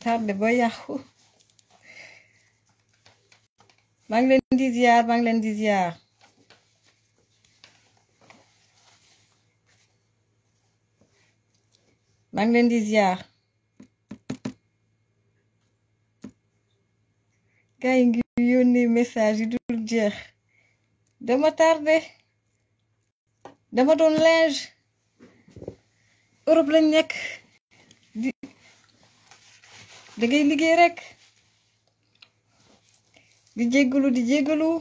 Tard de boyahou. maa ngi leen di ziar maa ngi di ziar di ziar ngi message yi dul jeex dama tardé dama don linge Europe lañ nek dagay ngay liggéey rekk di jéggalu di jéggalu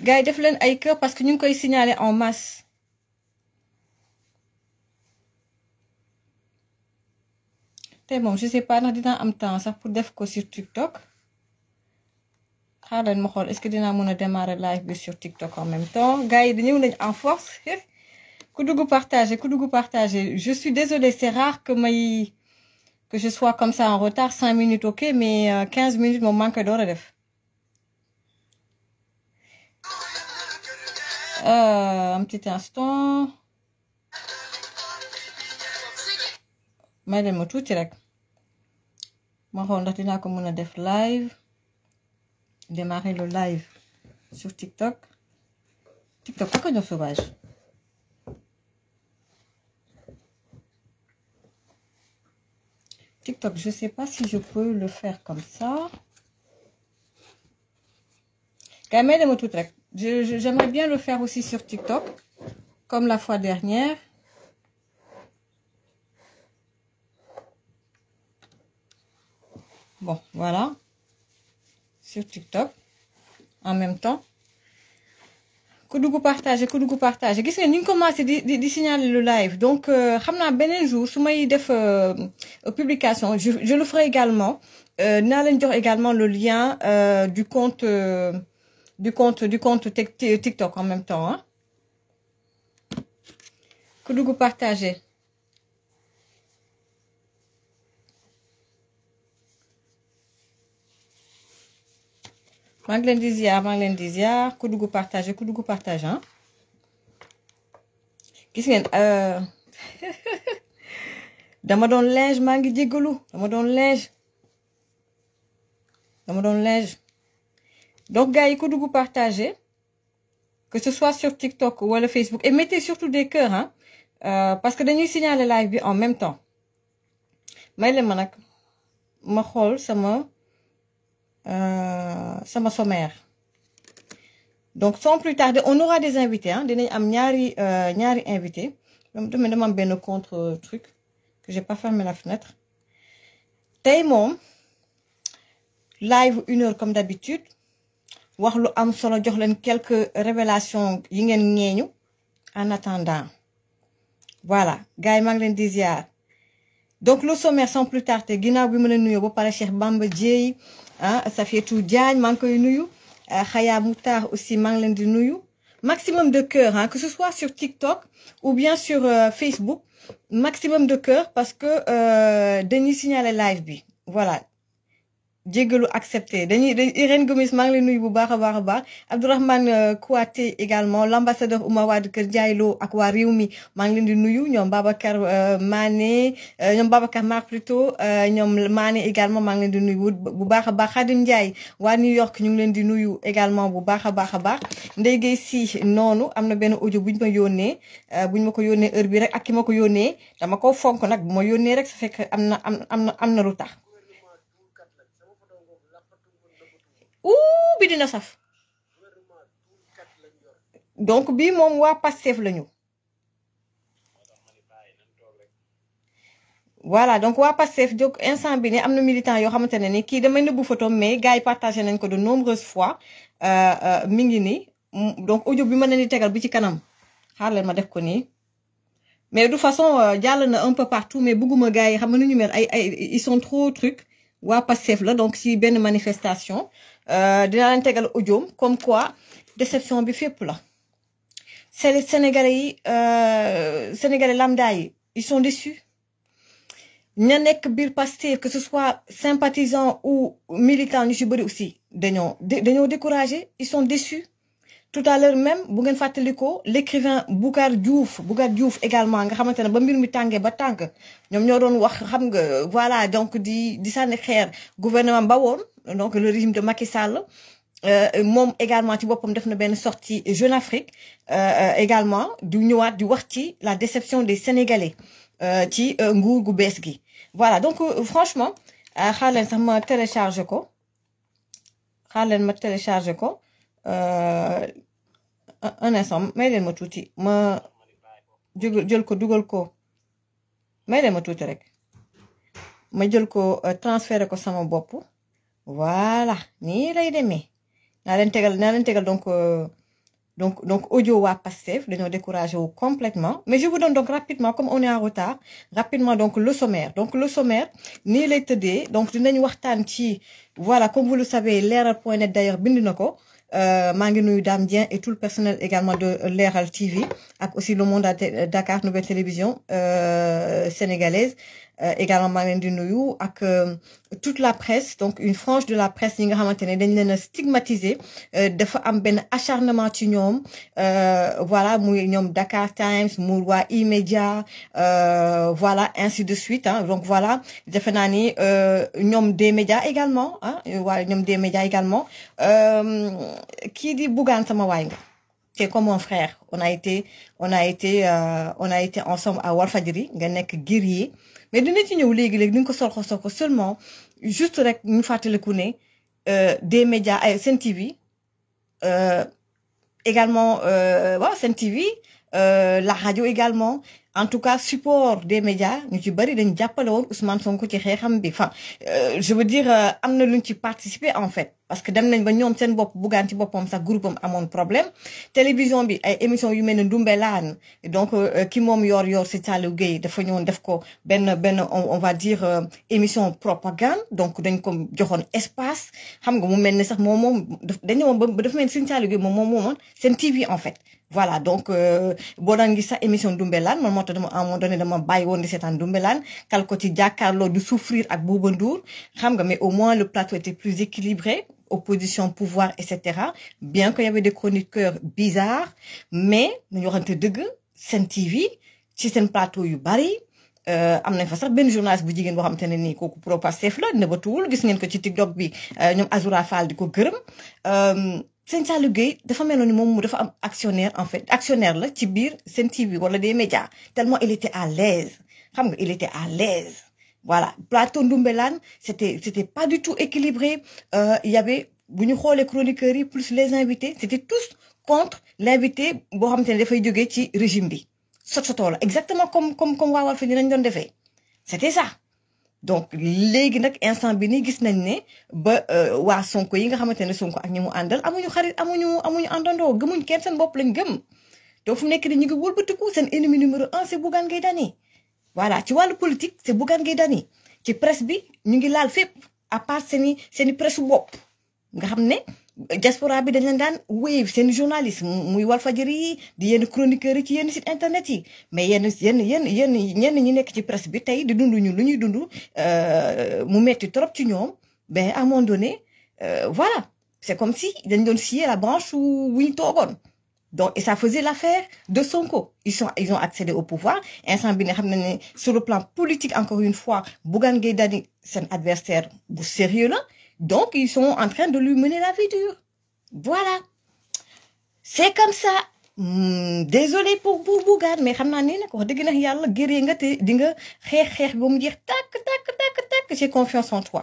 gars def leen ay cœur parce que ñu ngi koy signaler en masse té bon, je sais pas ndax dina am temps sax pour def ko sur TikTok xaaral ma xool est-ce que dinaa mën a démarrer live bi sur TikTok en même temps gars yi dañu ñëw nañ en force ku dugg partager ku dugg partager je suis désolée c'est rare que may que je sois comme ça en retard, 5 minutes, ok, mais 15 euh, minutes, mon manque de Euh, un petit instant. mais tout ma tuuti rek vous on un live démarrer le live sur TikTok TikTok que de sauvage Je ne sais pas si je peux le faire comme ça. J'aimerais bien le faire aussi sur TikTok, comme la fois dernière. Bon, voilà. Sur TikTok. En même temps ku vous partagez, que dugg partagé gis nga ñu ngi commencé di di signaler le live donc euh, naa beneen jour su def euh, publication je le ferai également euh, naa leen jox également le lien euh, du compte du compte du compte TikTok en même temps Que hein. ku dugg Manglen Manglendizia, Manglen Dizia, ziar partage, ah. euh, ngi vous di partage. vous dugg partagé ku Dans linge Mangi des goulots. Dans linge Dans mon linge donc gars yi vous partager que ce soit sur TikTok ou le Facebook et mettez surtout des cœurs hein, euh, parce que nous signaler live en même temps les ma colle, ça euh, sama sommaire donc sans plus tarder on aura des invités Hein? dinañ am ñaari euh, ñaari Je me demander am ben contre truc que j'ai pas fermé la fenêtre tey live une heure comme d'habitude wax lu am solo jox quelques révélations yi en attendant voilà gars yi donc le sommaire sans plus tarder ginnaaw bi ma leen ba pare Cheikh Bamba ah Safiatou Diagne maa ah, Khaya Moutar aussi maa maximum de cœur hein que ce soit sur TikTok ou bien sur euh, Facebook maximum de cœur parce que euh, Denis signale live voilà jéggalu accepté dañuy Irène Gomis maa ngi nuyu bu baax a baax a Abdourahmane euh, Kouaté également l'ambassadeur Oumawad Keur Wade ak wa rewmi mang maa di nuyu ñom Babacar euh, Mané euh, ñom Babacar Mar plutôt ñom Mané également mang ngi di nuyu bu baax a baax Khadim Ndiaye wa New York ñu ngi leen di nuyu également bu baax a baax Ndey baax Ndeye Gueye si noonu am na benn audio buñ ma yónnee buñ mako ko heure bi rek ak ki ma ko yónnee dama ko fonk nak bu ma yónnee rek sa fek amna amna amna lutax wuu bi dina saf donc bi mom wa passef lañu voilà donc wa passef jóg instant bi ni amna na militant yoo xamante ne ni kii damay nëbbu photo mais gars yi partagé nañ ko de nombreuses fois euh, euh, mi ngi ni donc audio bi mëna ni tégal bi ci kanam xaar leen ma def ko ni. mais de façon euh, jall na un peu partout mais bëgguma gars xam ñu mel ay ay ils sont trop trucs waa Pastef la donc si une manifestation euh, dina l'intégralité, comme quoi déception bi pour la Sénégalais les Sénégalais euh, lambda ils sont déçus ña nek bir que ce soit sympathisant ou militant ñu ci aussi découragés, ils sont déçus tout à l'heure même bu ngeen l'écrivain Boucar Diouf Boucar Diouf également nga xamantene ba mbir mi tangé ba tank ñom ñoo doon wax xam nga voilà donc di di sànni xeer gouvernement ba won donc le régime de Macky Sall euh, mom également ci boppam def na ben sortie Jeune Afrique euh, également du ñëwaat di wax ci la déception des Sénégalais euh, ci nguur gu bees gi voilà donc franchement xaar leen sax ma ko xaar ma télécharger ko euh, un instant mais leen ma tuuti ma jël ko dugal ko may leen ma tuuti rek ma le ko euh, transféré ko sama bopp voilà ni lay demee n'a leen tegal n'a donc euh, donc donc audio waa Pastef dañoo nous décourager complètement mais je vous donne donc rapidement comme on est en retard rapidement donc le sommaire donc le sommaire ni lay tëddee donc dinañ waxtaan ci voilà comme vous le savez l'erreur.net d'ailleurs bind Euh, maa ngi nuyu Dame Dieng et tout le personnel également de euh, Leral TV ak aussi le monde à Dakar nouvelle télévision euh, sénégalaise Euh, également Marine de Nouyou, di euh, toute la presse donc une frange de la presse yi nga xamante stigmatisée, dañ a stigmatiser euh, dafa am acharnement ci nous, voilà nous Dakar Times nous waa e euh, voilà ainsi de suite hein, donc voilà nous euh ni des médias également hein, waa des médias également qui dit Bougane sama c'est comme mon frère on a été on a été on a été ensemble à nga mais dina ci ñëw légui légui ñu ko sol ko ko seulement juste rek ñu fàttaliku euh des médias ay Sen TV euh, également euh, wa Sen TV euh, la radio également en tout cas support des médias ñu ci bari dañ jappalé woon Ousmane Sonko ci xéxam bi enfin je veux dire amna luñ ci participer en fait parce que dans les ba on bop bopp buggaan ci boppam sax groupe am mon problème télévision bi ay émission yu melni ne Ndumbelaan donc euh, euh, ki mom yor yor ci Saliou Guèye dafa ñu def ko ben ben on va dire euh, émission propagande donc dañ ko joxone espace xam nga mu melni sax mom mom dañ ñu ba dafa mel ne Saliou Guèye mom mom moomoon TV en fait voilà donc euh, boo daan émission Doumbélane mon dama à un moment donné dama bàyyi woon di seetaan Dumbelaan kal ko ci jàkkaarloo du souffrir ak Bouba xam nga mais au moins le plateau était plus équilibré opposition pouvoir etc. bien qu'il y avait des chroniqueurs bizarres mais ñu waxante deug sen TV ci sen plateau yu bari euh, amna fa sax ben journaliste bu jigen bo xamante ne nii pas pro chef la nëbatuwul gis ngeen ko ci TikTok bi euh, ñom Azoura Fall diko gëreum euh, c'est un le gai meloon ni moom mu am actionnaire en fait actionnaire là Tibir biir Sen TV des médias tellement il était à l'aise il était à l'aise voilà platon Ndoumbelane c'était c'était pas du tout équilibré euh, il y avait bu les chroniqueurs plus les invités c'était tous contre l'invité boo xamante ne feuilles jógee ci régime bi sot ça, exactement comme comme comme va fi une nañ de defee c'était ça donc léegi nag instant bi nii gis nañ ne ba euh, waa Sonko yi nga xamante ne Sonko ak ñi mu àndal amuñu xarit amuñu amuñu àndandoo gëmuñ kenn seen bopp lañ gëm te fu nekk ni ñu ngi wëlbatiku seen ennemi numéro un c'est Bougane Gueye Dany voilà ci wàllu politique c'est Bougane Gueye Dany ci presse bi ñu ngi laal fépp à part seeni seeni presse bopp nga xam ne diaspora bi dañ leen daan wéy seen journaliste muy Walfadjri yi di yenn chroniqueur yi ci yenn site internet yi mais yenn yenn yenn yenn ñenn ñi nekk ci presse bi tey di dund ñu lu ñuy dund euh, mu metti trop ci ñoom mais ben, à un moment donné euh, voilà c'est comme si dañ doon scier la branche wu ñu toogoon donc et ça faisait l'affaire de Sonko ils sont ils ont accédé au pouvoir instant bi nga xam ne ne sur le plan politique encore une fois Bougane Gueye Dany seen adversaire bu sérieux la donc, ils sont en train de lui mener la vie dure. Voilà. C'est comme ça. Hmm, désolé pour pour mais xamna ni ne wax dëgg nag yàlla gëree nga te di nga xeex xeex ba mu jeex tak tak j'ai confiance en toi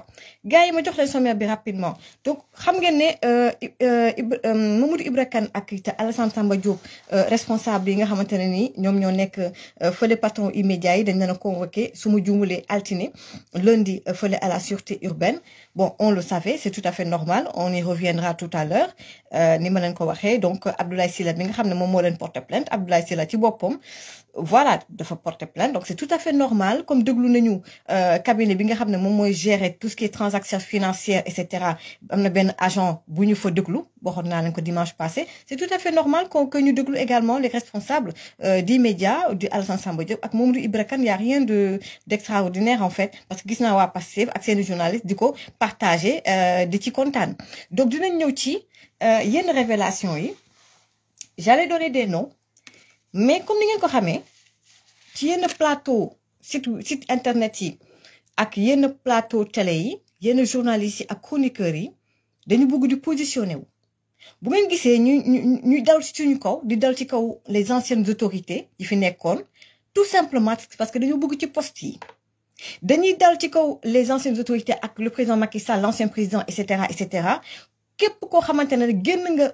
gars yi ma jox leen sommaire bi rapidement donc xam ngeen ne euh, euh, euh, Mamadou Ibra Kane ak te Alassane Samba Diop responsable yi nga xamante ni ñom ñoo nek feulé patron immédiat yi dañ na convoquer convoqué su altiné lundi feulé à la sûreté urbaine bon on le savait c'est tout à fait normal on y reviendra tout à l'heure ni ma leen ko waxé donc Abdoulaye Sylla bi nga xam moom porte plainte Abdoulaye Sylla ci bopom voilà dafa porter plainte donc c'est tout à fait normal comme Deglu nañu euh, cabinet bi nga xamné mom moy gérer tout ce qui est transactions financières etc., cetera am agent qui nous fa Deglu, waxoon naa dimanche passé c'est tout à fait normal qu'on que ñu Deglu également les responsables euh, des médias du Alassane Samba Diop ak Mamadou il y a rien de d'extraordinaire en fait parce que gis a pas passé ak aux journalistes du coup, partager euh, di ci contane donc dinañ y a une révélation yi j'allais donner des noms mais comme ni ngeen ko y a un plateau site site internet y a un plateau télé yi y journalistes un ak chroniqueurs yi dañu bëgg di positionner. wu. bu ngeen gisee ñu ñu nous dal ci suñu kaw di dal ci kaw les anciennes autorités yi fi tout simplement parce que nous bëgg ci poste yi. dañuy dal les anciennes autorités ak le président Macky Sall l'ancien président etc. etc. et cetera vous ne nga.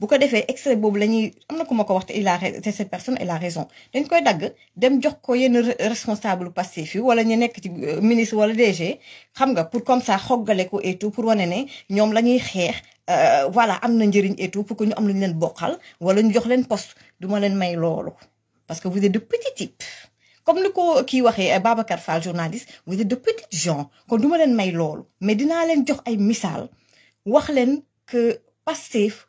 bu ko defee extrait boobu la ñuy am na ku ma ko wax te il a te cette personne elle a raison dañ koy dagg dem jox ko yenn responsable passif yi wala ñu nekk ci euh, ministre wala DG xam nga pour comme ça xoggale ko et tout pour wane ne ñoom la ñuy xeex euh, voilà am na njëriñ et tout pour que ñu am lu ñu leen bokkal wala ñu jox leen poste duma leen may loolu parce que vous êtes de petits types comme ni ko kii waxee euh, Babacar Fall journaliste vous êtes de petits gens kon duma leen may loolu mais dinaa leen jox ay misaal wax leen que passif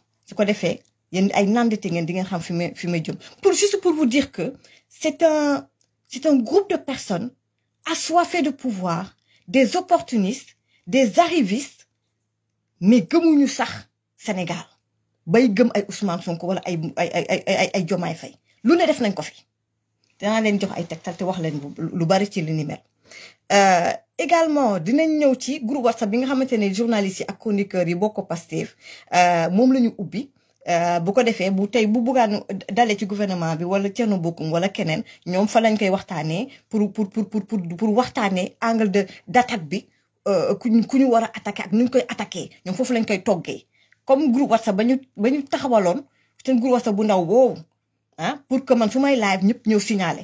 su ko defee Il ay a une di de xam fi may fi may jëm pour juste pour vous dire que c'est un c'est un groupe de personnes assoiffées de pouvoir des opportunistes des arrivistes mais gëmuñu sax Sénégal bay gëm ay Ousmane Sonko wala ay ay ay ay ay Diomaye Faye lu def nañ ko fi danaa len jox ay tektal te wax len lu bari ci li ni mel. Euh, également dinañ ñëw ci groupe whatsapp bi nga xamante ne journalistes yi ak chroniqueurs yi bokk Pastef euh, moom la ñu ubbi euh, bu ko defee bu tey bu buggaan dalee ci gouvernement bi wala Thierno Bocoum wala keneen ñoom fa lañ koy waxtaanee pour pour pour pour pour waxtaanee angle de d'attaque bi ku ñu ku ñu war a attaqué ak nu ñu koy attaqué ñoom foofu lañ koy toggee comme groupe whatsapp ba ñu ba ñu taxawaloon seen groupe whatsapp bu ndaw woowu ah pour que man su may live ñëpp ñëw signalé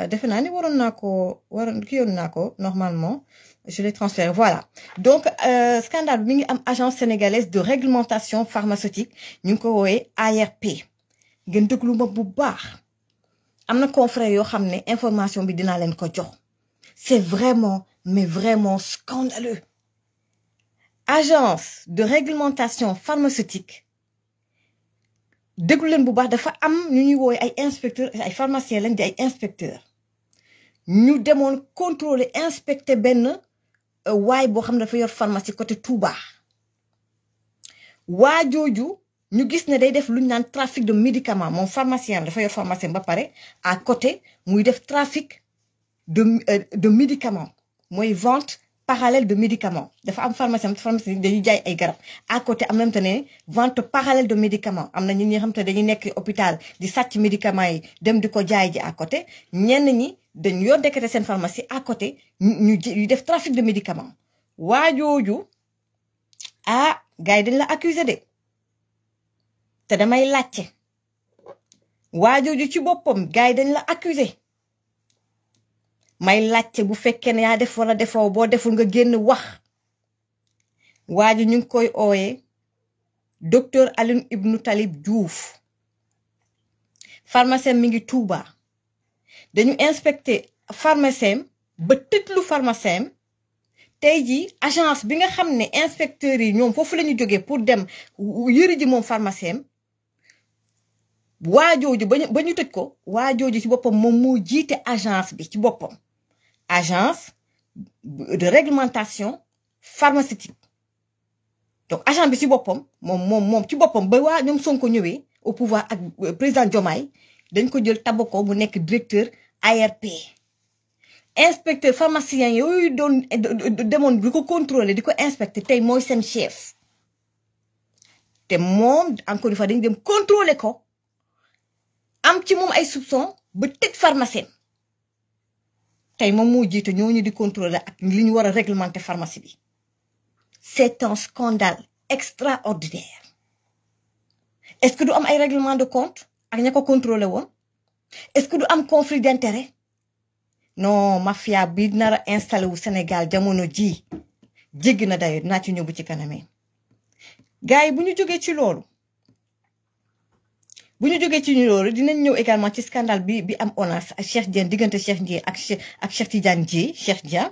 Euh, defe ni normalement je les transfère. voilà donc euh, scandale mi am agence sénégalaise de réglementation pharmaceutique ñu ko woowee ARP gën déglu ma bu baax amna confrère yoo information bi dina len ko jox c'est vraiment mais vraiment scandaleux agence de réglementation pharmaceutique déglu leen bu baax dafa am ñu ñuy woowee ay inspecteurs ay pharmaciens lañ di ay inspecteurs ñu demoon contrôler inspecter ben euh, way bo xam dafa yor pharmacie côté Touba wa joju ñu gis ne day def lu ñu trafic de médicaments mon pharmacien dafa yor pharmacien ba paré à côté muy def trafic de euh, de médicaments moy vente parallèle de médicaments dafa am pharmacien pharmacie dañuy jaay ay garab à côté am même temps ne vente parallèle de médicaments amna na ñi nga xam te dañuy nekk hôpital di sàcc médicaments yi dem diko jaay ji à côté ñen ñi. dañ yor décrété seen pharmacie à côté ñu ñu def trafic de médicaments waajooju ah gars yi la accusé de te damay laajte waajooju ci boppam gars yi dañ la accusé may laajte bu fekkee ne yaa def wala defoo boo deful nga génn wax waaju ñu ngi koy ooye docteur Alioune Ibnou Talib Diouf pharmacien mi ngi Touba. dañu inspecté pharmacien ba tëjlu pharmacien tey jii agence bi nga xamné inspecteur yi ñom fofu lañu joggé pour dem yëri ji mom pharmacien wajoju bañu tejj ko wajoju ci boppam mom mo jité agence bi ci boppam agence de réglementation pharmaceutique donc agent bi ci boppam mom mom moom ci boppam ba wa ñom Sonko ñëwé au pouvoir ak président Diomaye dañ ko jël que le mu directeur ARP inspecteur pharmacien yooyu doon demoon di ko contrôler di ko inspecter tey mooy seen chef te monde, encore une fois dañu dem contrôler ko am ci moom ay soupçon ba tëj pharmacien tey moom moo jiite ñooñu di contrôler ak li ñu war a réglementer pharmacie bi c'est un scandale extraordinaire est-ce que du am ay règlement de compte ak ña ko contrôlé woon est-ce que du am conflit d'intérêt non mafia bi nar a installé wu Sénégal jamono jii jéggi na dayo dinaa ci ñëw bu ci kanamee gars yi bu ñu jógee ci loolu bu ñu jógee ci loolu dinañ ñëw également ci scandale bi bi am ONAS ak Cheikh diggante Cheikh Ndié ak Cheikh ak Cheikh Tidiane Dieng Cheikh Dia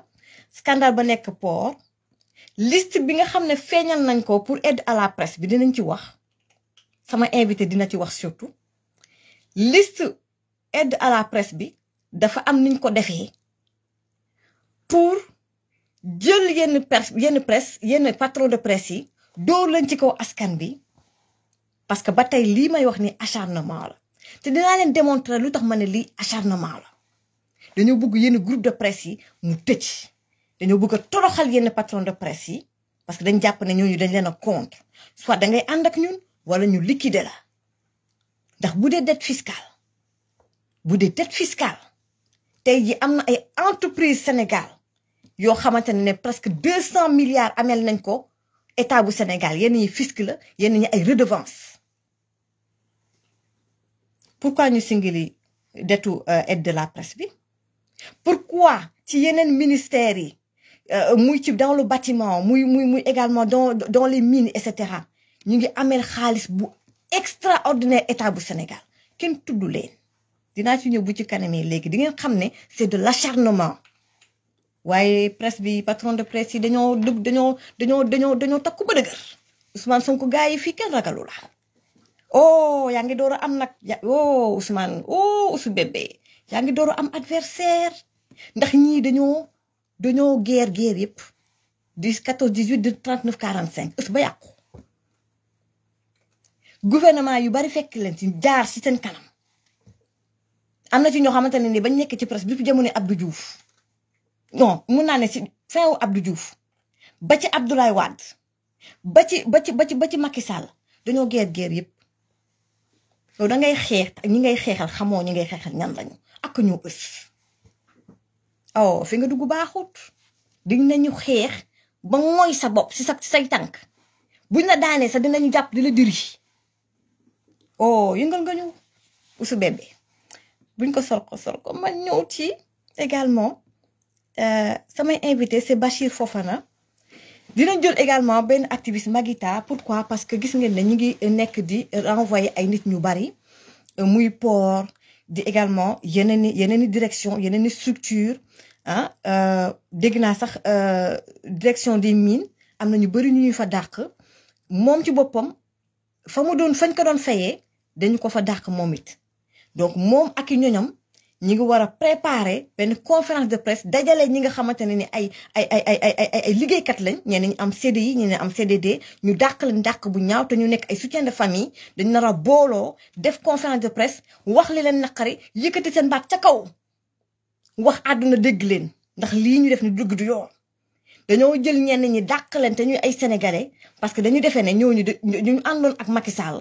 scandale ba nekk port liste bi nga xam ne feeñal nañ ko pour aide à la presse bi dinañ ci wax sama invité dina ci wax surtout liste aide à la presse bi dafa am niñ ko defee pour jël yenn presse yenn presse yenn patron de presse yi door lañ ci ko askan bi parce que batay li may wax ni acharnement la té dinaa leen démontrer lutax mané li acharnement la dañu bëgg yenn groupe de presse yi mu tëj dañu bëgg a toroxal yenn patron de presse yi parce que dañ né ñoo ñu dañ leena compte soit da ngay and ak ñun wala ñu liquider la ndax bu dee dette fiscale bu dee dette fiscale tey ji am na ay entreprise Sénégal yoo xamante ne presque deux cent milliards amel nañ ko état bu Sénégal yenn ñi fisc la yenn ñi ay redevance pourquoi ñu singili dettu euh, aide de la presse bi pourquoi ci yeneen ministères yi euh, muy ci dans le bâtiment muy muy muy également dans dans les mines et cetera ñu ngi amel xaalis bu extraordinaire état du Sénégal kenn tudd leen dinaa ci ñëw bu ci kanamee léegi di ngeen xam ne c'est de l'acharnement waaye presse bi patron de presse yi dañoo dëgg dañoo dañoo dañoo dañoo takku ba dëgër Ousmane Sonko gars yi fii kenn ragalu la oh yaa ngi am nak. oh Ousmane oh Ousou bébé yaa ngi am adversaire ndax ñii dañoo dañoo guerre guerre yëpp 10 14 18 39 45 ës ba gouvernement yu bari fekk leen ci jaar ci seen kanam amna ci ñoo xamante ni bañ nekk ci presse bi jamono Abdou Diouf non mu na ne ci fin Abdou Diouf ba ci Abdoulaye wad ba ci ba ci ba ci ba ci Macky Sall dañu guerre guerre yépp do da ngay ak ñi ngay xexal xamoo ñi ngay xexal ñan lañu ak ñu euf oh fi nga duggu baaxut diñ nañu xex ba moy sa bopp si sa say tànk buñ la daanee sa dinañu japp dila diri. oh yëngal nga usu bébé buñ ko sol ko sol ko man ñëw ci également euh, invité c'est Bachir Fofana dina jël également Ben activiste Magita pourquoi parce que gis ngeen né ñu ngi nekk di renvoyer ay nit ñu bari euh, muy port di également yeneen i yeneen i direction yeneen i structure ah dégg naa sax direction des mines amna ñu bari ñu fa dakk mom ci boppam fa mu doon fañ ko doon fayé dañu ko fa dàq moom it donc moom ak i ñoñam ñi ngi war a préparer benn conférence de presse dajale ñi nga xamante ne ni ay ay ay ay ay ay ay liggéeykat lañ ñenn ñi am CDI ñenn ñi am CDD ñu dàq lañ bu ñaaw te ñu nekk ay soutien de famille dañu nar a booloo def conférence de presse wax li leen naqari yëkkati seen baat ca kaw wax àdduna dégg leen ndax lii ñu def ni dugg du yoon dañoo jël ñenn ñi dàq leen te ñuy ay sénégalais parce que dañu defee ne ñooñu ñu àndoon ak Macky Sall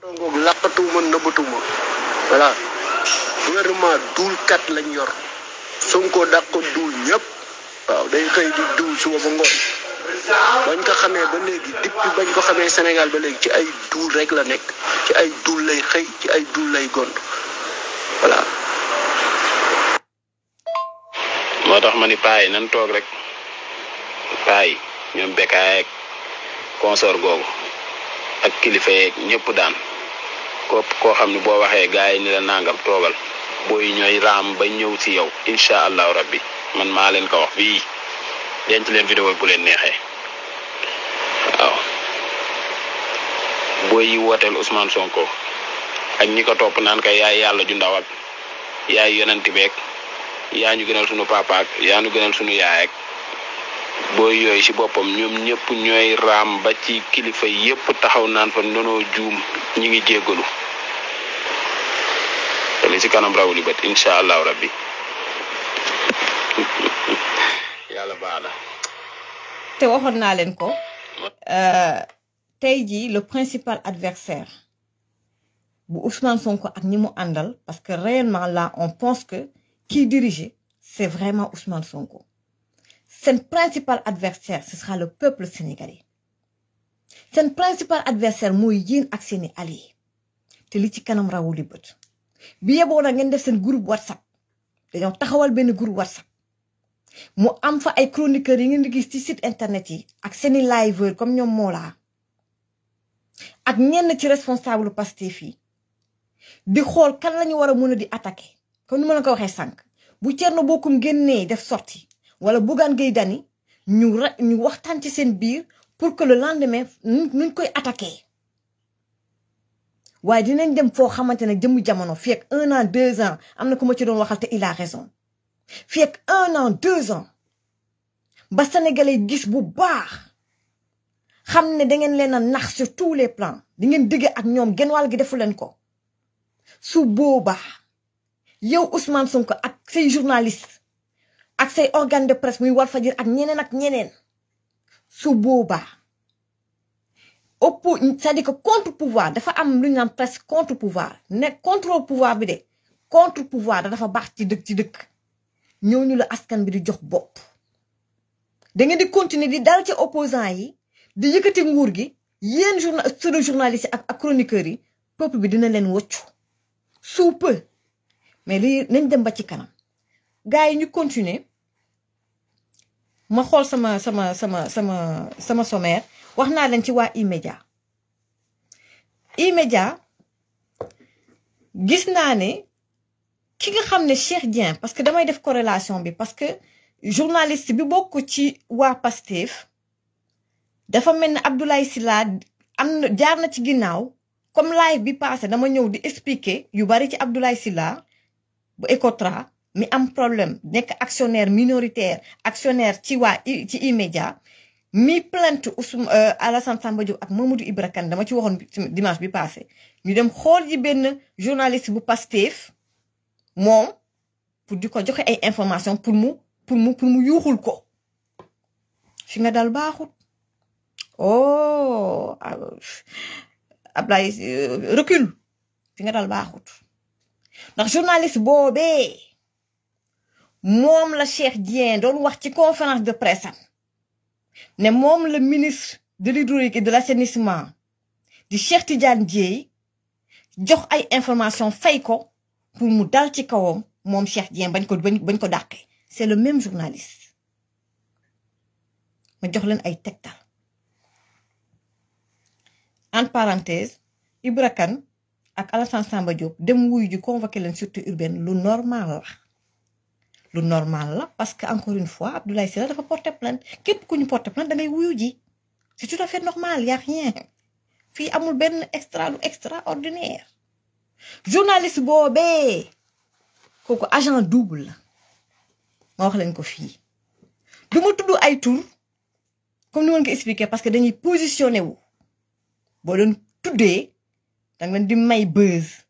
photo ngoog làqatuwuma nëbbatuwuma duul kat lañ yor Sonko dàq ko duul ñëpp waaw day xëy di duul suba ba ngoon bañ ko xamee ba léegi depuis bañ ko xamee senegal ba léegi ci ay duul rek la nekk ci ay duul lay xëy ci ay duul lay gont voilà. moo tax ma ni paa yi nan toog rek paa yi ñoom bekkaay ak consort googu ak kilifa yeeg ñëpp daan. ko koo xam ne boo waxee gars yi ne la nangam toogal booy ñooy raam ba ñëw si yow incha allahu rabbi man maa leen ko wax fii denc leen vidéo bu leen neexee waaw booy yi wooteel Ousmane Sonko ak ñi ko topp naan kay yaay yàlla ju ndaw ak yaay yonanti beeg yaa ñu gënal sunu papa ak yaa ñu gënal sunu yaay boy yooyu ci boppam ñoom ñëpp ñooy raam ba ci kilifa yépp taxaw naan fa nonoo juum ñi ngi jéggalu li ci kanam rawuli li bët incha allahu rabbi yàlla baax na te waxoon naa leen ko euh, tey jii le principal adversaire bu Ousmane Sonko ak ñi mu àndal parce que réellement là on pense que qui dirige c'est vraiment Ousmane Sonko seen principal adversaire ce sera le peuple seen principal adversaire mooy yéen ak seeni alliés te li ci kanam rawu li bët bi yeboo na ngeen def seen groupe whatsapp dañoo taxawal benn group whatsapp mu am fa ay chroniqueurs yi ngeen di gis ci site internet yi ak seeni liveur comme ñoom Mollah ak ñenn ci responsable Pastef fii di xool kan lañu war a mën a di attaque kon ni ma la ko waxee sànq bu Thierno Bocoum génnee def sorti wala Bougane gay Dany ñu ñu waxtan ci pour que le lendemain nuñ koy attaquer des dinañ dem fo xamantene des jamono a un an deux ans amna kuma ci doon waxal te il a raison Fek un an deux ans ba sénégalais gis bu baax ne ngeen leen a sur tous les plans di ngeen ak gi Ousmane Sonko ak ak say organe de presse muy Walfadjri ak ñeneen ak ñeneen su boobaa oppo c'est-à-dire que contre pouvoir dafa am lu ñu presse contre pouvoir ne contrôle pouvoir bi de contre pouvoir dafa baax ci dëkk ci dëkk ñooñu la askan bi di jox bop da ngeen di continuer di dal ci opposants yi di yëkkati nguur gi yeen journa journaliste ak ak chroniqueurs yi peuple bi dina leen wëccu sous peu mais li nañ dem ba ci kanam gars yi ñu continuer. ma xool sama sama sama sama sama sommaire wax naa leen ci waa E-Media e gis naa ne ki nga xam ne Cheikh Dieng parce que damay def corrélation bi parce que journaliste bi bokk ci waa Pastef dafa mel ne Abdoulaye Sylla am jaar na ci ginnaaw comme live bi passé dama ñëw di expliquer yu bari ci Abdoulaye Sylla bu Ecotra mais am problème nek actionnaire minoritaire actionnaire ci wa ci immédiat mi plainte euh, Alassane Samba Diop ak Mamadou Ibrakan, dama ci waxone dimanche bi passé ñu dem xol ji ben journaliste bu Pastef mom pour diko joxe ay information pour mu pour mu pour mu yuxul ko fi nga dal baaxut oh Ablaye euh, recul fi nga dal baaxut ndax journaliste Bobé, mom la Cheikh dien don wax ci conférence de presse am ne le ministre de l'hydraulique et de l'assainissement du Cheikh Tidiane dien jox ay information fay ko pour mu dal ci kawam mom Cheikh Dieng bagn ko bagn ko dàqee c'est le même journaliste ma jox len ay tegtal entre parenthèse ibrakan ak Alassane Samba Diop dem wuyu ji convoqué len sûreté urbaine lu normal la lu normal la parce que encore une fois Abdoulaye Sylla dafa porter plainte kep kuñu porter plainte da ngay wuyu ji c'est tout à fait normal y a rien fi amul ben extra lu extraordinaire journaliste bobé koko agent double la ma wax leen ko fi duma tuddu ay tour comme ni ma nga expliquer parce que dañuy positionner wu bo doon tuddé dang len di may buzz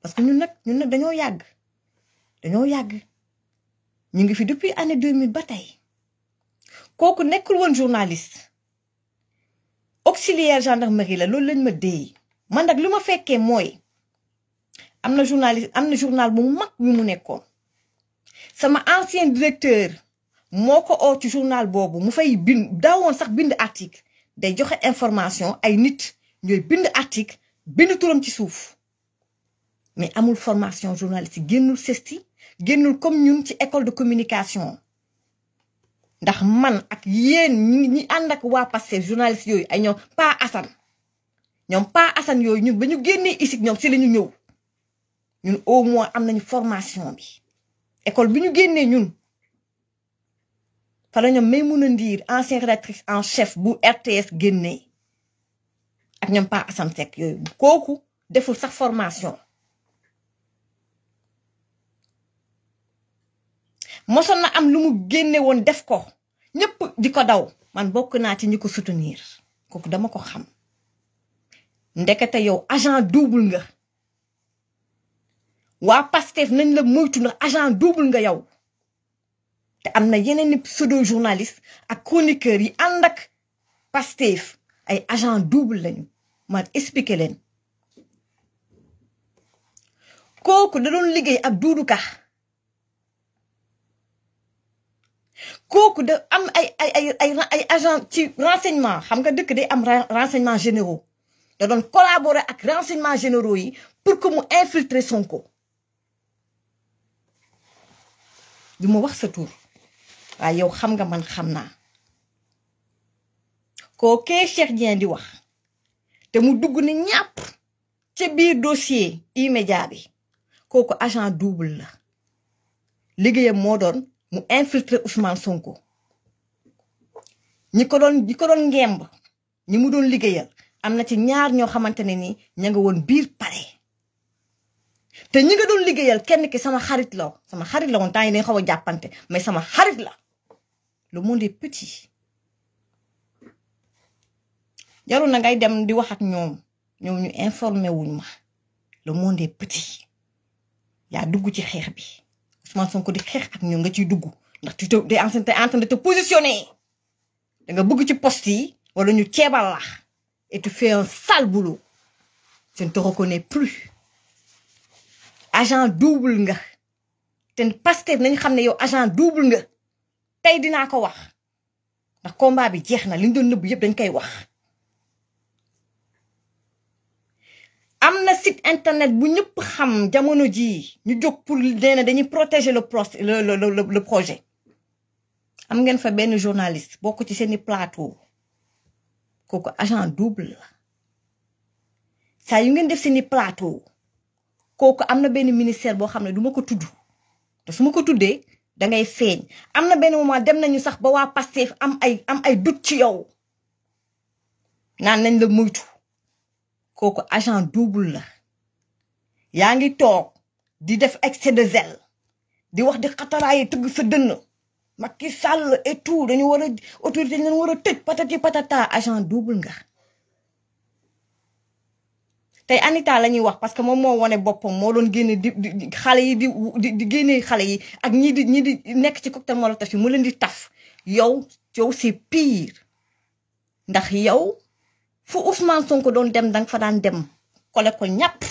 parce que ñun nag ñun nag dañoo yàgg dañoo yàgg ñu ngi fi depuis année 2000 ba tey kooku nekkul woon journaliste auxiliaire gendarmerie la loolu lañ ma déy man nag li ma fekkee mooy am na journaliste am na journal mu mag bi mu nekkoon sama ancien directeur moo ko oo ci journal boobu mu fay bind daawoon sax bind article day joxe information ay nit ñooy bind article bind turam ci suuf mais amul formation journalistique génnul CESTI génnul comme ñun ci école de communication ndax man ak yéen ñi ànd ak waa Pastef journaliste yooyu ay ñoom Pa Assane ñoom Pa Assane yooyu ñun ba ñu génnee ISIC ñoom si la ñu ñëw ñun au moins am nañu formation bi école bi ñu génnee ñun fa la ñoom Maymouna Ndir ancienne rédactrice en chef bu RTS génne ak ñoom Pa Assane Seck yooyu kooku deful sax formation mosoon na am lu mu génne woon def ko ñëpp di ko daw man bokk naa ci ñi ko soutenir kooku dama ko xam ndekete yow agent double nga waa Pastef nañ la moytu ndax agent double nga yow te am na yeneen i pseudo journaliste ak chroniqueur yi ànd ak Pastef ay agent double lañu ma expliqué leen kooku da doon liggéey ak duudu kooku de am ay ay ay ay ay agent ci renseignement xam nga dëkk day am renseignement généraux da doon collaborer ak renseignement généraux yi pour que mu infiltrer Sonko du mu wax sa tur waaye yow xam nga man xam naa kookee Cheikh Dieng di wax te mu dugg ni ñàpp ca biir dossier immédiat bi kooku agent double la liggéeyam moo doon mu infiltré Ousmane Sonko ñi ko doon ñi ko doon ñi mu doon liggéeyal am na ci ñaar ñoo xamante ne ni ña nga woon biir pare. te ñi doon liggéeyal kenn ki sama xarit la sama xarit la woon temps yi dañ xaw a jàppante mais sama xarit la le monde est petit jarul na ngay dem di wax ak ñoom ñoom informé wuñ ma le monde est petit yaa dugg ci xeex bi Ousmane Sonko di xex ak ñoom nga ci dugg ndax tu te day en train de te positionner da nga bëgg ci poste yi wala ñu ceebal la et tu fais un sale boulot je ne te reconnais plus agent double nga te Pastef nañu xam ne yow agent double nga tay dina ko wax ndax combat bi jeex na li doon neub yëpp dañ koy wax amna site internet bu ñepp xam jamono ji ñu jóg pour nee dañuy protéger le pro le projet am ngeen fa ben journaliste bokku ci seeni plateau koku agent double la yu ngeen def seeni plateau koku amna ben benn ministère boo xam ne ko tuddu te suma ko tuddé da ngay feeñ amna ben moment dem nañu sax ba wa Pastef am ay am ay doute ci yow nan nañ le moytu. kooku agent double la yaa ngi toog di def excès de zèle di wax di xataraayi tëgg sa dënn Macky Sall et tout dañu war a autorité dañu war a tëj patati patata agent double nga tey Anita la ñuy wax parce que moom moo wone boppam moo doon génne di xale yi di di génne xale yi ak ñi di ñi di nekk ci cocktail molotov yi mu leen di taf yow yow c'est pire ndax yow fu Ousmane Sonko doon dem dang fa dan dem kole ko ñap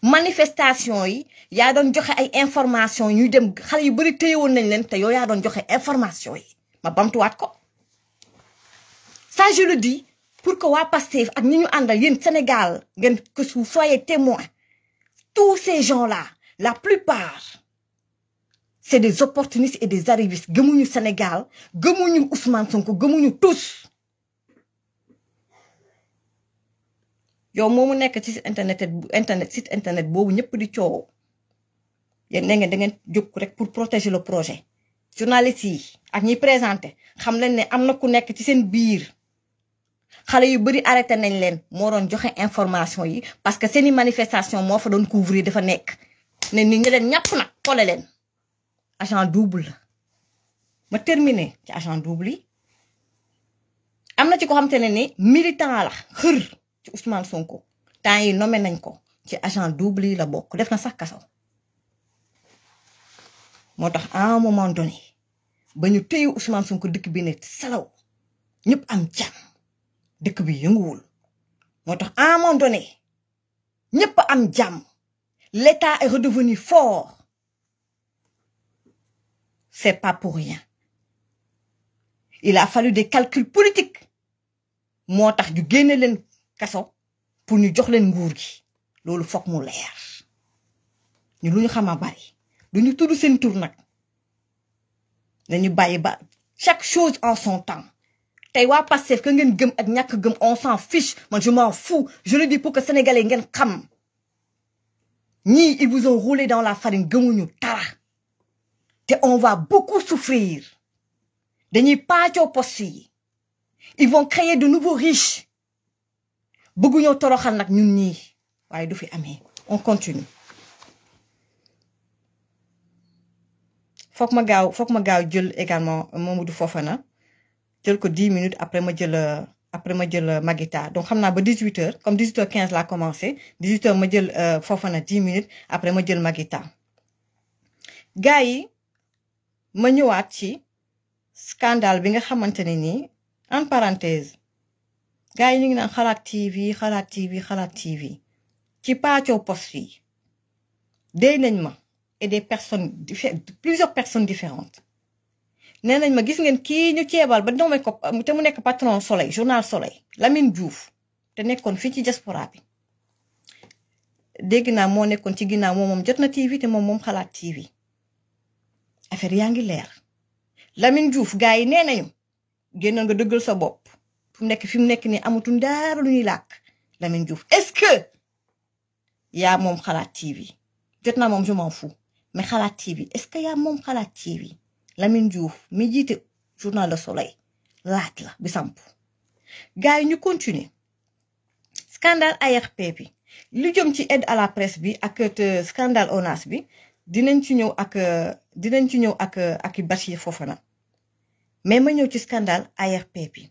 manifestation yi ya doon joxe ay information ñu dem xale yu bari teyewon nañ leen te yow ya doon joxe information yi ma wat ko ça je le dis pour que wa Pastef ak ñi ñu andal yeen Sénégal ngeen que vous soyez témoin tous ces gens là la plupart c'est des opportunistes et des arrivistes ñu Sénégal ñu Ousmane Sonko ñu tous yow moomu nekk ci internet internet site internet boobu ñëpp di coow yéen ne ngeen da ngeen rek pour protéger le projet. journalistes yi ak ñi présenté xam leen ne am na ku nekk ci seen biir xale yu bëri arrêté nañ leen moo doon joxe information yi parce que seeni manifestation moo fa doon couvrir dafa nekk ne ni ñi leen ñàpp nag xoole leen agent double la ma terminé ci agent double yi am na ci ko xam te ne ni militant la Ousmane Sonko Tant yi nommé ko agent double la bok def na à un moment donné Ousmane Sonko dëkk bi ne salaw am bi à un moment donné am l'État est redevenu fort c'est pas pour rien il a fallu des calculs politiques kaso pour nous jox leen nguur gi loolu foog mu leer ñu lu ñu bari du ñu tudd seen tur nag nañu bàyyi ba chaque chose en son temps tay wa Pastef ka ngeen gëm ak ñak gëm on s'en fiche man je m'en fous je le dis pour que sénégalais ngeen xam ñii ils vous ont roulé dans la farine ñu tara té on va beaucoup souffrir dañuy paacoo poste yi ils vont créer de nouveaux riches bëggu ñoo toroxal nak ñun ñi waye du fi amé on continue foog ma gaaw foog ma gaaw jël également Mamadou Fofana jël ko 10 minutes après ma jël après ma jël euh, donc xamna ba 18h comme 18h15 l'a commencé 18h ma jël euh, Fofana 10 minutes après ma jël magita ma yi ma ñëwaat ci scandale bi nga xamante vous en parenthèse gars ñu ngi TV xalaat TV xalaat TV ci De poste et des personnes plusieurs personnes différentes ma gis ngeen ki ñu ba ko te patron soleil journal soleil Lamine Diouf te nekkon fi ci diaspora bi dégg naa moo ci TV te moom moom TV affaire yaa leer Lamine Diouf gars yi nee sa nek nekk fi mu nekk nii amatul dara lu ñuy làkk Lamine Diouf est-ce que ya mom xalaat TV jot mom je m'en fous mais xalaat TV est-ce que ya mom xalaat TV Lamine Diouf mi jité journal Le Soleil lat la bi samp gars yi ñu continuer scandale ARP bi lu jom ci aide à la presse bi ak euh, scandale ONAS bi dinañ ci ñew ak euh, dinañ ci ñew ak euh, ak Bachir Fofana mais ma ñew ci scandale ARP bi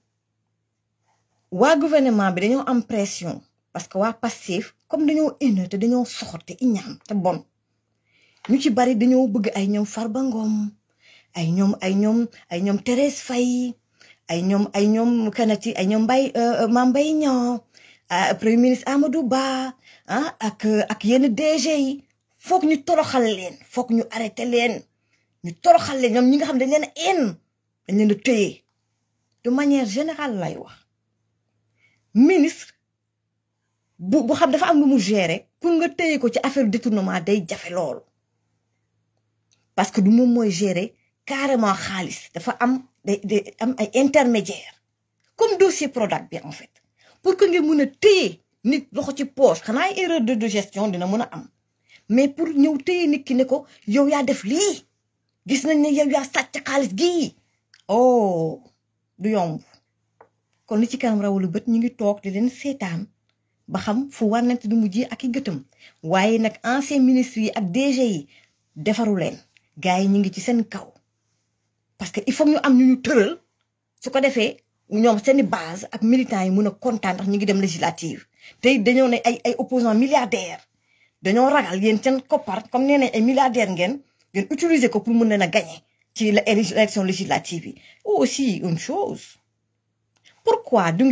Wa gouvernement bi dañu am pression parce que est passif comme dañu une te te bon ñu ci bari nous bëgg ay ñom Farba Ngom ay ñom ay ay Thérèse Faye ay kanati euh, euh, ah, premier ministre Amadou Ba ah ak euh, ak yene DG yi nous ñu toroxal leen ñu leen ñu toroxal en dañ leen de manière générale lay ministre bu bu xam dafa am lu mu gérer pour nga téye ko ci affaire détournement day jafé lool parce que du mom moy gérer carrément xaalis dafa am day am ay intermédiaire comme dossier product bi en fait pour que nga mën a nit loxo ci poche xana ay erreur de gestion dina mën am mais pour ñëw téye nit ki ne ko yow ya def li gis nañ ne yow ya sàcc xaalis gi oh du yomb kon li ci kanam rawulu bët ñu ngi tok di len sétane ba xam fu warnante du mujj ak i waye nak ancien ministre yi ak DG yi defaru len gaay ñi ngi ci sen kaw parce que il faut ñu am ñu ñu tëral su ko defee ñoom seeni base ak militant yi mëna a kontaan ndax ñu ngi dem législative tay dañoo né ay ay opposants milliardaires dañoo ragal yeen seen koppar comme nee nañ ay milliardaires ngeen ngeen utiliser ko pour mëna gagner ci la élection législative ou aussi une chose pourquoi du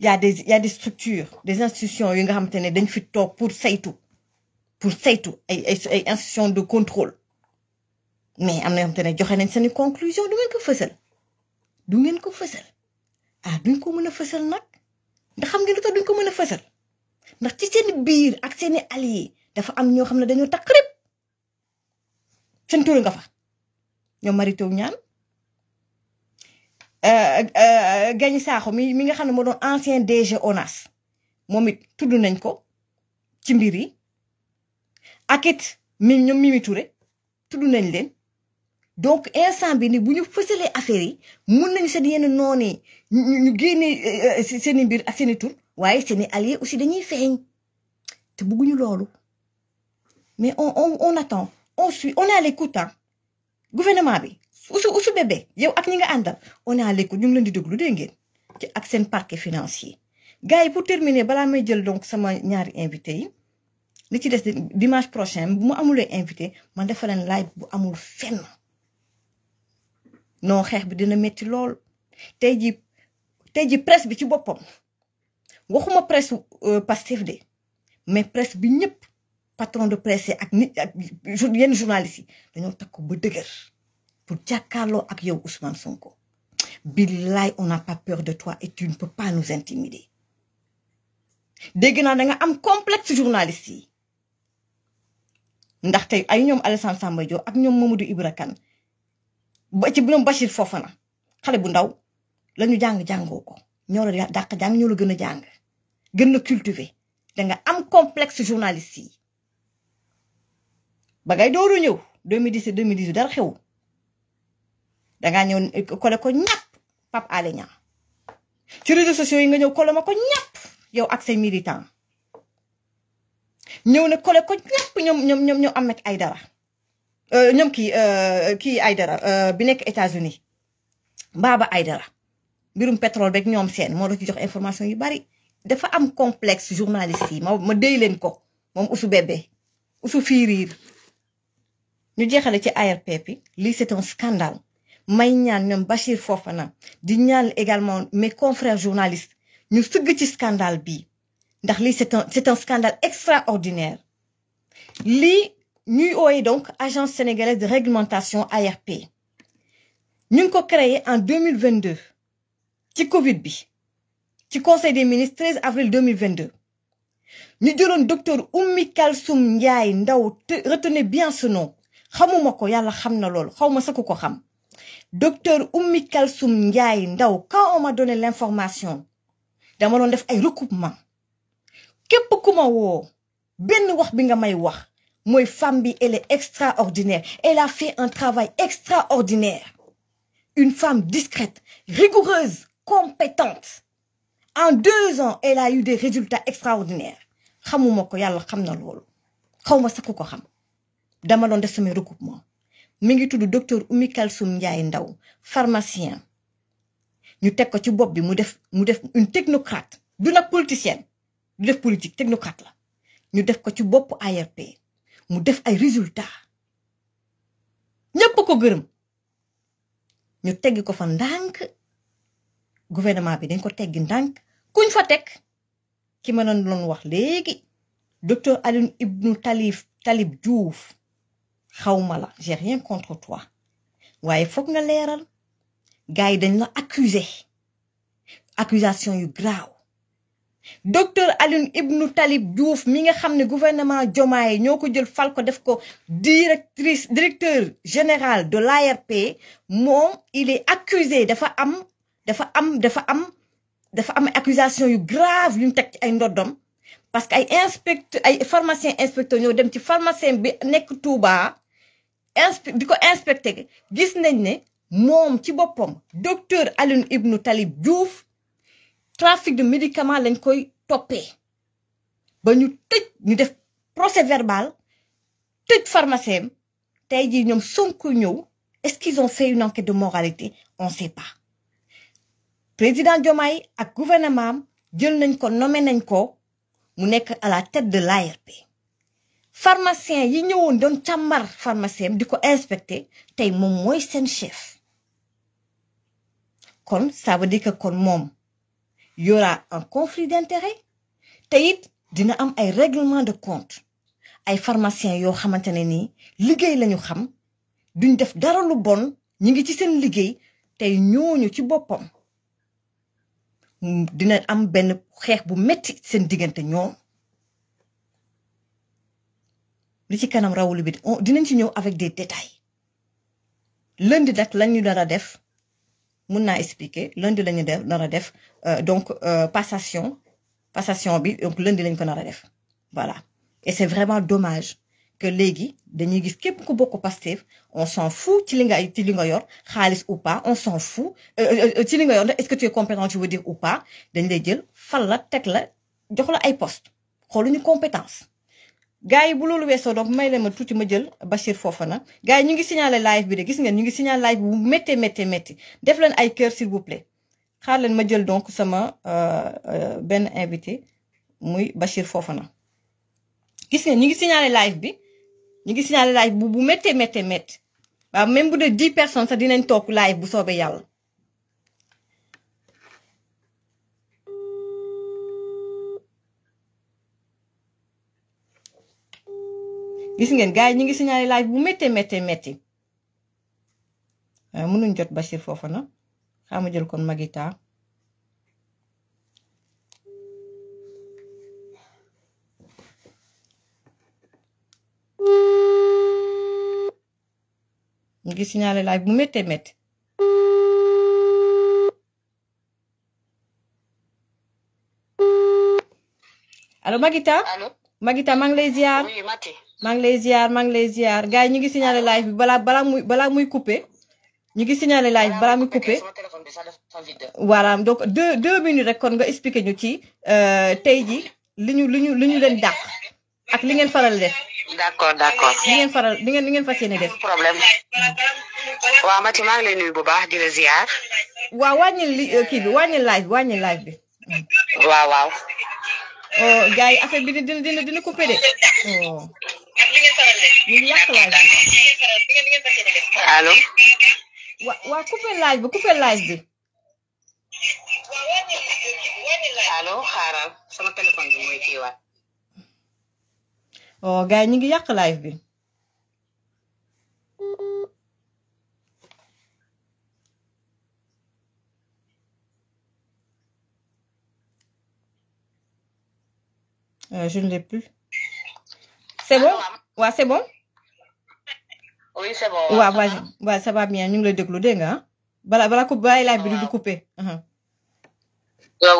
y a des y a des structures des institutions qui pour saytu pour saytu institutions de contrôle mais am na nañ conclusion du ngeen ko feussal du ngeen ko feussal ah duñ ko y a nak ndax xam ngeen lu tax duñ ko y a ndax ci ak alliés dafa am ño xam nga fa marito euh, euh, Gagny ça, mi mi nga xamne mo moo ancien DG ONAS momit tuddu nañ ko ci mbiri yi mi ñom mi mi Touré tuddu nañ leen donc instant bi ni buñu ñu affaire yi mën nañ sa yene noné ñu génnee euh, seen mbir ak seen tour tur waaye seen i aussi dañuy feeñ te bëgguñu lolu mais on on on attend on suit on est à l'écoute hein, gouvernement bi usu ce bébé yow ak on est à ñu ngi leen di ngeen financier. pour terminer donc invité dimanche prochain bu mu invité man faire une live bu amul fenn non bi dina metti lool presse bi ci waxuma presse euh, pas de mais presse patron de presse ak nit yi takku pour Akio ak yow Ousmane Sonko billaay on n'a pas peur de toi et tu ne peux pas nous intimider dégg n'a am complexe journaliste yi ndax tey ay ñoom Alassane Samba Diop ak Bachir Fofana xale bu ndaw la ko ñoo la dakk jang ñoo cultivé da nga am complexe journaliste Bagay ba ngay dooru 2017 2018 dara xew dangaa ñëw kole eh, ko ñàpp Pape Alé Niang ci réseaux sociaux yi nga ñëw kole ma ko ñàpp yow ak say militant ñëw ne kole ko ñàpp ñoom ñoom ñoom ñoom am ay dara euh, ñoom kii euh, kii ay dara euh, bi nekk États-Unis mbaaba ay dara mbirum pétrole rek ñoom seen moo la ci jox information yu bari dafa am complexe journaliste yi ma ma déy leen ko moom usu bébé usu fiiriir ñu jeexale ci ARP bi lii c'est un Maïnyan, Bachir Fofana di également mes confrères journalistes nous sëgg ce scandale bi c'est un c'est un scandale extraordinaire li ñuy est donc agence sénégalaise de réglementation ARP Nous avons créé en 2022 ci Covid bi ci conseil des ministres 13 avril 2022 ñu jëloon docteur Oumy Kalsoum Ndiaye retenez bien ce nom xamuma ko yàlla xam na loolu xaw docteur Oumi Kalsoum Ndiaye Ndaw quand on m'a donné l'information dama don def ay recoupement Que kouma wo Ben wax bi nga may wax femme bi elle est extraordinaire elle a fait un travail extraordinaire une femme discrète rigoureuse compétente en deux ans elle a eu des résultats extraordinaires xamou mako yalla xamna lolou xawma xaw ko xam dama don def samay recoupement mi ngi tudd docteur Oumy Kalsoum Ndiaye Ndaw pharmacien ñu teg ko ci bopp bi mu def mu def une technocrate du nag politicienne du def politique technocrate la ñu def ko ci bopp ARP mu def ay résultats ñëpp ko gërëm ñu teggi ko fa ndànk gouvernement bi dañ ko teggi ndànk kuñ fa teg ki ma doon wax léegi docteur Alioune Ibnou Talib juuf xawma j'ai rien contre toi waaye foog nga leral. gars yi dañ la accuser accusation yu grave. docteur Alun ibn Talib Diouf mi nga xam gouvernement Diomaye ñoo ko jël Defko, def ko directrice directeur général de l'ARP Mon, il est accusé dafa am dafa am dafa am dafa am accusation yu grave yu tek ci ay ndoddom parce que ay inspecteur ay pharmacien inspecteur ñoo dem ci pharmacien bi nekk Touba inspe di ko inspecté gis nañ ne mom ci bopom docteur Alun Ibn Talib Diouf trafic de médicaments, lañ koy toppee ba ñu tëj ñu def procès verbal tëj pharmacien tey jii ñoom Sonko est-ce qu'ils ont fait une enquête de moralité on sait pas président Diomaye ak gouvernement am jël nañ ko nommé nañ ko mu nekk à la tête de l'ARP pharmacien yi ñëwoon doon càmbar pharmacien bi di ko inspecté tey moom mooy seen chef kon ça veut dire que kon moom y aura un conflit d'intérêt te it dina am ay règlement de compte ay pharmacien yoo xamante ne nii liggéey lañu xam duñ def dara lu bon ñi ngi ci seen liggéey tey ñooñu ci boppam dina am benn xeex bu metti seen diggante ñoom li kanam rawul bi dinañ ci ñew avec des détails lundi nag lañu dara def mun naa expliquer lundi lañu def nar def euh, donc euh, passation passation bi donc lundi lañ ko nar def voilà et c'est vraiment dommage que légui dañuy gis képp ku bokk Pastef on s'en fout ci li nga ci li nga yor xaliss ou pas on s'en fout euh, ci li nga yor est-ce que tu es compétent tu veux dire ou pas dañ lay jël fal la tek la jox la ay poste xooluñu compétence gars bu lolou wesso donc may leen ma ma jël Bachir Fofana gars ñu ngi signaler live bi de gis nga ñu ngi signaler live bu méttee méttee métti def leen ay cœur s'il vous plaît xaar leen ma jël donc sama ben invité muy Bashir Fofana. gis nga ñu ngi signaler live bi ñu ngi signaler live bu bu méttee méttee métti même bu de dix personnes sax dinañ tok live bu soobee yalla gis ngeen gars yi ñu ngi signalé live bu méttee méttee métti waaye euh, mënuñ jot Bachir foofa na xaama jël kon Magita ñu ngi signalé live bu méttee métti allo Magita Magita maa ngi mang lay ziar mang lay ziar gaay ñu ngi signaler live bi bala bala muy bala muy couper ñu ngi signaler live bala muy couper voilà donc deux deux minutes rek kon nga expliquer ñu ci euh tay ji liñu liñu liñu leen dakk ak li ngeen faral def. d'accord d'accord li ngeen faral li ngeen li ngeen fas def. problème wa ma ci mang lay nuyu bu baax di la ziar. wa wañi li euh, kii bi wañi live wañi live bi. wa wa oh gars yi affaire bi dina dina dina coupé de. oh. ñu ngi yàq laaj bi. allo. wa waa coupé laaj bi coupé laaj bi. allo xaaral sama téléphone bi mooy kiiwaat. oh ñu ngi bi. Euh, je ne l'ai plus. C'est ah, bon? Ouais, c'est bon? Oui, c'est bon. Ouais, ah, ça va bien. Ñu ngi lay déglu voilà voilà Bala coupé. Uh-huh. Euh,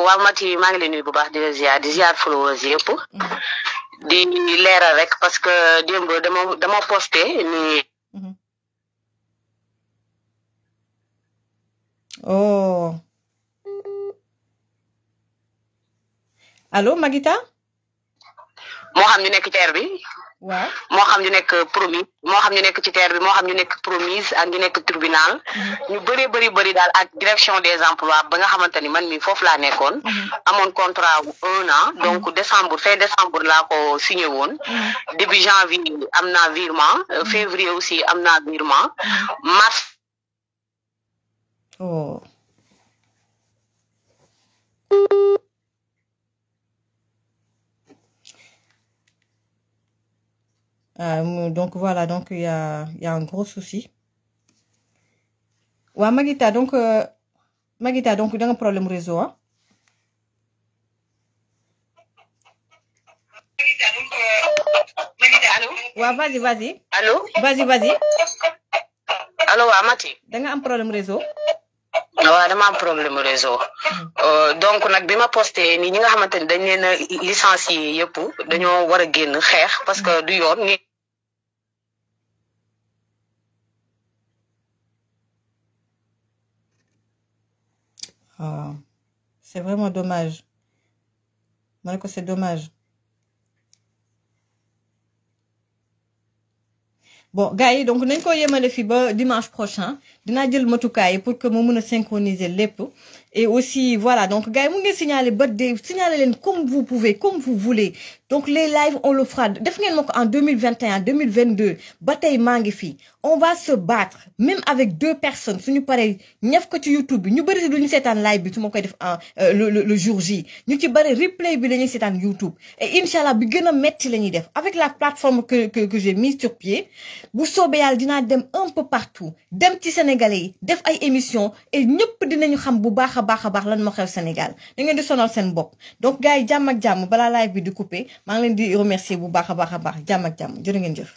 lay yeux followers uh-huh. avec parce que ni. Uh-huh. oh allô Magita moo xam ñu nekk bi. xam promis moo xam ci bi xam promise ak tribunal. Mm-hmm. ñu bëree bëri bëri daal ak direction des emplois ba nga man mm-hmm. contrat an mm-hmm. donc décembre fin décembre laa ko signé début janvier virement euh, février aussi virement mars. Oh. Euh, donc voilà, donc il y a, y a, un gros souci. Ouais, Magita, donc, euh, Magita, donc, il y a un problème réseau. Hein? Magita, donc, euh, Magita, allô? Ouais, vas-y, vas-y. Allô? Vas-y, vas-y. Allô, ouais, Mati? Il y a un problème réseau. y ah, dama un problème réseau hmm. euh, donc on a ma posté ni ni nga xamante ni dañ leen a licencié yëpp dañoo wara génn parce que du yoon. Ah, c'est vraiment dommage. Malgré c'est dommage. bon gars donc nous ko le le dimanche prochain dinadil jël pour que nous puissions synchroniser synchroniser l'épaule. et aussi voilà donc gars vous signale signalé signaler comme vous pouvez comme vous voulez donc les lives on le fera def ngeen ma en 2021 2022 bataille tey ngi on va se battre même avec deux personnes suñu paree ñef ko ci YouTube bi ñu de du ñu live bi su koy def en euh, le le jour J ñu ci bëri replay bi la YouTube et incha allah bi gën les metti def avec la plateforme que que que j'ai mise sur pied bu soobee yàlla dinaa dem un peu partout dem ci Sénégalais yi def ay émissions et ñëpp dinañu xam bu baax a baax a baax lan moo xew Sénégal da ngeen di sonal seen donc gars yi jàmm ak jàmm balaa live bi di couper maa ngi leen di remercier bu baax a baax a baax jàmm ak jàmm jërë ngeen jëf.